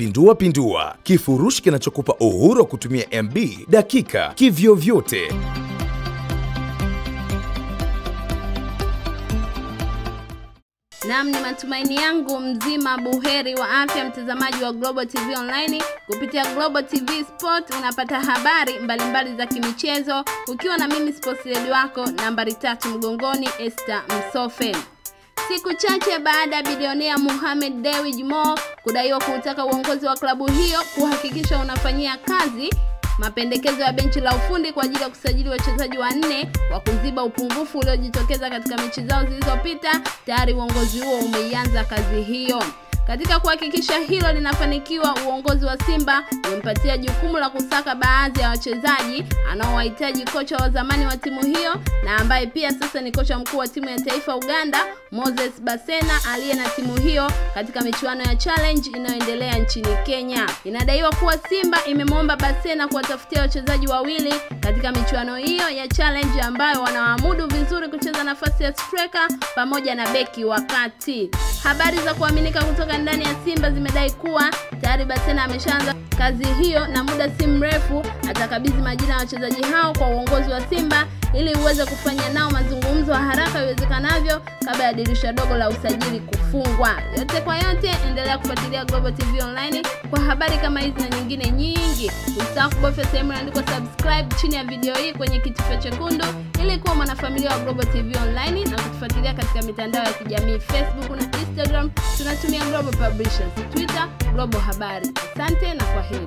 pindua pindua, kifurushi kinachokupa uhuru wa kutumia MB dakika kivyovyote. nam ni matumaini yangu mzima buheri wa afya, mtazamaji wa Global TV Online. Kupitia Global TV Sport unapata habari mbalimbali mbali za kimichezo, ukiwa na mimi sports wako nambari tatu mgongoni, Esther Msofe. Siku chache baada ya bilionea Mohamed Dewji Mo kudaiwa kuutaka uongozi wa klabu hiyo kuhakikisha unafanyia kazi mapendekezo ya benchi la ufundi kwa ajili ya kusajili wachezaji wanne wa kuziba upungufu uliojitokeza katika mechi zao zilizopita, tayari uongozi huo umeianza kazi hiyo. Katika kuhakikisha hilo linafanikiwa, uongozi wa Simba umempatia jukumu la kusaka baadhi ya wachezaji anaowahitaji kocha wa zamani wa timu hiyo na ambaye pia sasa ni kocha mkuu wa timu ya taifa Uganda, Moses Basena aliye na timu hiyo katika michuano ya challenge inayoendelea nchini Kenya. Inadaiwa kuwa Simba imemwomba Basena kuwatafutia wachezaji wawili katika michuano hiyo ya challenge ambayo wanawaamudu vizuri kucheza nafasi ya striker pamoja na beki wakati. Habari za kuaminika kutoka ndani ya Simba zimedai kuwa tayari Batena ameshaanza kazi hiyo na muda si mrefu atakabidhi majina ya wachezaji hao kwa uongozi wa Simba ili uweze kufanya nao mazungumzo haraka iwezekanavyo kabla ya dirisha dogo la usajili kufungwa. Yote kwa yote, endelea kufuatilia Global TV Online kwa habari kama hizi na nyingine nyingi mengi. Usisahau kubofya sehemu iliyoandikwa subscribe chini ya video hii kwenye kitufe chekundu ili kuwa mwanafamilia wa Global TV Online na kutufuatilia katika mitandao ya kijamii Facebook na Instagram. Tunatumia Global Publishers, Twitter Global Habari. Asante na kwa heri